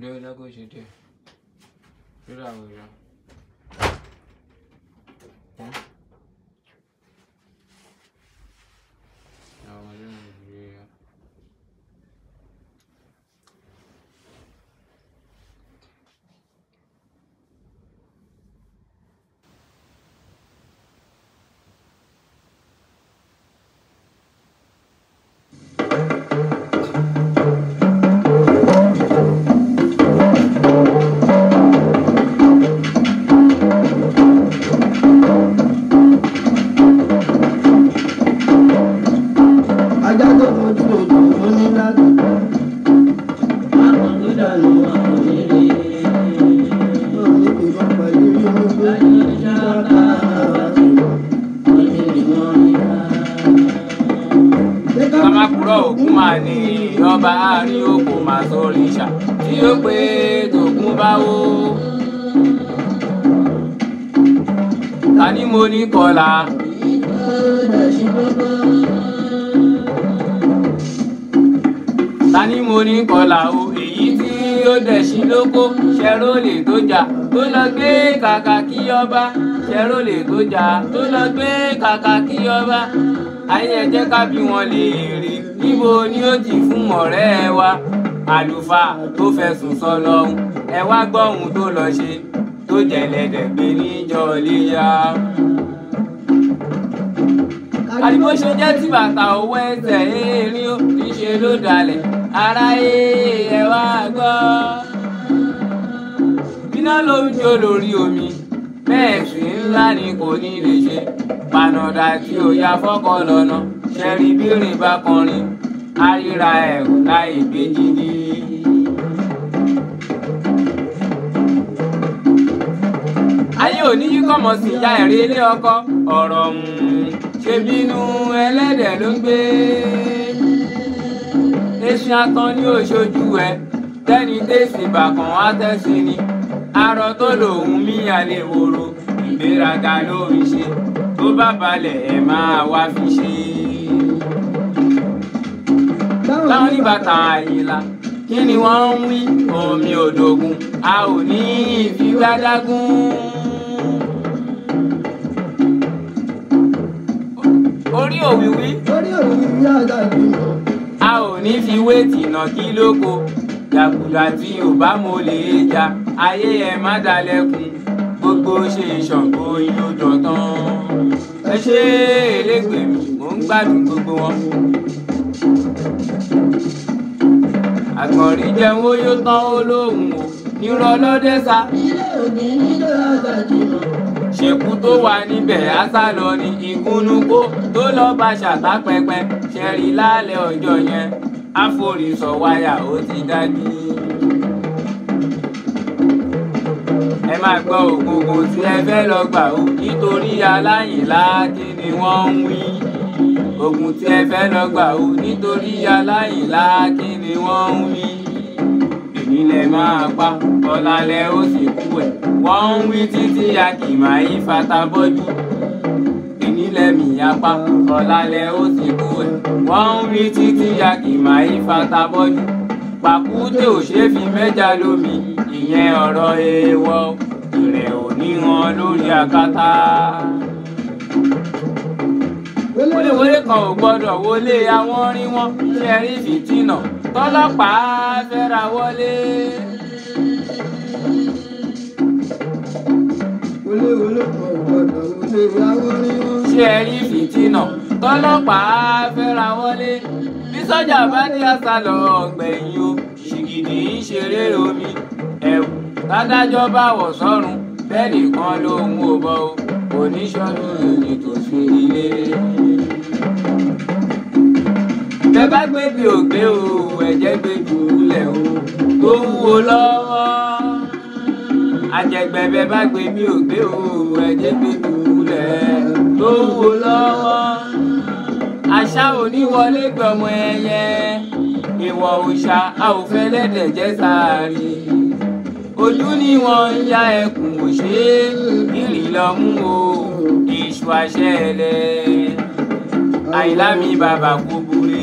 对，那个是对，就那个。嗯。àkùrọ̀ ògún máa ní ọba àárín ògún máa sọ òrìṣà tí ó pé tògún bá wó. ta ni mo ní kọlà. ta ni mo ní kọlà o èyí tí ó dẹ̀sí lóko ṣẹ́ró lè tó jà tó lọ gbé kàkà kí ọba ṣẹ́ró lè tó jà tó lọ gbé kàkà kí ọba ayé ẹ jẹ́ ká bí wọn lè rí níbo ni ó jì fún ọ̀rẹ́ ẹ wa àlùfáà tó fẹ̀sùn sọ lọ́hùn ẹ wá gbọ́ ohun tó lọ ṣe tó jẹ̀lẹ̀dẹ̀ pé níjọ́ léyà. àdìbò ṣe jẹ́ tí bàtà owó ẹsẹ̀ erin níṣe ló dalẹ̀ aráyé e, ẹ wá gbọ́. iná ló ń jó lórí omi bẹ́ẹ̀ sì ńlá ni kò ní lè ṣe pànàdà tí ò ya fọ́kọ lọ́nà ṣẹ́rí bírìn bá kọrin á ríra ẹ̀rù láì gbéjìdí. ayé òní yí kọ̀mọ̀ sí ìyá ẹ̀rí ilé ọkọ ọ̀rọ̀ ṣe bínú ẹlẹ́dẹ̀ ló ń gbé. eṣin atán ní òṣojú ẹ tẹ́ni tẹ̀sí bàkàn á ni arọ tó lòun míyàn lè woro ìgbéraga ló ṣe tó bá balẹ̀ ẹ̀ máa wá fi ṣe é láwọn bàtà àyìnlá kí ni wọ́n ń wí omi òdògùn a ò ní ìfigbádágún. orí òwìwí. orí òwìwí àdàbí. a ò ní fi wéètì nà kí lóko jàgùdà tí ò bá mo lè jà ayé ẹ má dalẹ́kun gbogbo ṣe ìṣàngó yín ó dọ̀tán. ẹ ṣe é elégbèmí mò ń gbádùn gbogbo wọn àgbọ̀nrí jẹun ó yó tán ó lóhùn o nírọ̀ lọ́dẹ sá. ilé òní nílò ọgbà jùlọ. ṣèkú tó wà níbẹ̀ àṣà lọ ni ìkúnnukó tó lọ́ọ́ bá ṣàtà pẹpẹ ṣẹ̀rí lálẹ́ ọjọ́ yẹn àforísọ wáyà ó ti dájú. ẹ máa gbọ́ ògùngùn tí ẹ fẹ́ lọ gbà ó nítorí aláìláàkí ni wọ́n ń wí ogun tí ẹ fẹ́ lọ gbà ó nítorí aláìláàkí ni wọ́n ń wí ìnílẹ̀ máa pa ọ̀làlẹ̀ ó sì kú ẹ̀ wọ́n ń wí títí akìmọ̀ yí fatabọ́jú ìnílẹ̀ mìíyà pa ọ̀làlẹ̀ ó sì kú ẹ̀ wọ́n ń wí títí akìmọ̀ yí fatabọ́jú pàkúté ò ṣeé fi mẹ́ja lómi ìyẹn ọ̀rọ̀ èèwọ̀ ìrẹ̀ ò ní wọn lórí akátá wọléwọlé kan ò gbọdọ̀ wọlé àwọn rí wọn ṣe rí fìtínà tọ́lọ́pàá fẹ́ra wọlé. wọléwọlé kan ò gbọdọ̀ wọlé àwọn rí wọn. ṣe rí fìtínà tọ́lọ́pàá fẹ́ra wọlé bí sọ́jà bá ní àsálọ ọ̀gbẹ̀yìn o ṣìgìdì ń ṣeré omi ẹ̀wù tádájọ́ bá wọ̀ sọ́run bẹ́ẹ̀ nìkan lòun ò bọ́ o oníṣọ́nù ìrìn tó fi ilé. tẹ bá gbé ògbé o ẹ̀jẹ̀ gbé jù lẹ̀ o tó wúwo lọ́wọ́ àjẹgbẹ̀bẹ̀ bá gbé ògbé o ẹ̀jẹ̀ gbé jù lẹ̀ tó wúwo lọ́wọ́ àṣà oníwọlé gbọmọ ẹyẹ ìwọ òòṣà a ò fẹ́ lẹ́dẹ̀ jẹ́ sáàárín ojú ni wọ́n ń ya ẹkùn òṣè ìrìlọ́mú o èṣù àṣẹlẹ̀ àìlámi bàbá kò borí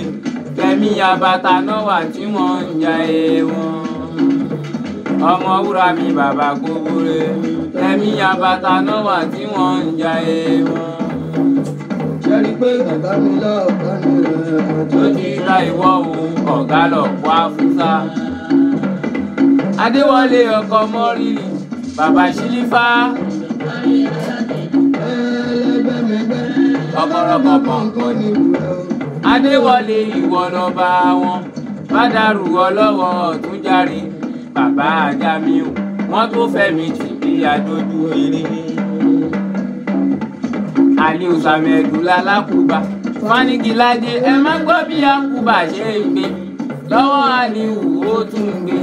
fẹmi abata náà wà tí wọ́n ń ya ẹwọn ọmọ wúrà mi bàbá kò borí fẹmi abata náà wà tí wọ́n ń ya ẹwọn jẹ́rí pé ọ̀gá mi lọ ọ̀gá mi rẹ̀. tó ti ra ìwọ òun ọ̀gá lọ wá Adéwọlé ọkọ Mọ́rìlì bàbá Ṣílífà. ọ̀pọ̀lọpọ̀ pọ̀npọ̀n ni wúlò. Adéwọlé ìwọ lọ́ba wọn bá dàrú ọlọ́wọ́ ọ̀tún járe bàbá Jamiu wọ́n tó fẹ̀mí tì bí adójú eré. Aliu Samẹ̀dúlá lákùúgbà fanigiládé ẹ má gbọ́ bí àkùbà ṣe ń gbé lọ́wọ́ Aliu ó tún ń gbé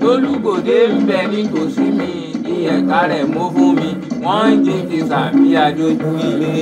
lólùgbòde ń bẹ ní tòsí mi ìyẹ̀ká rẹ̀ mú fún mi wọ́n ń jẹ́ kí sàbí adójú ilé.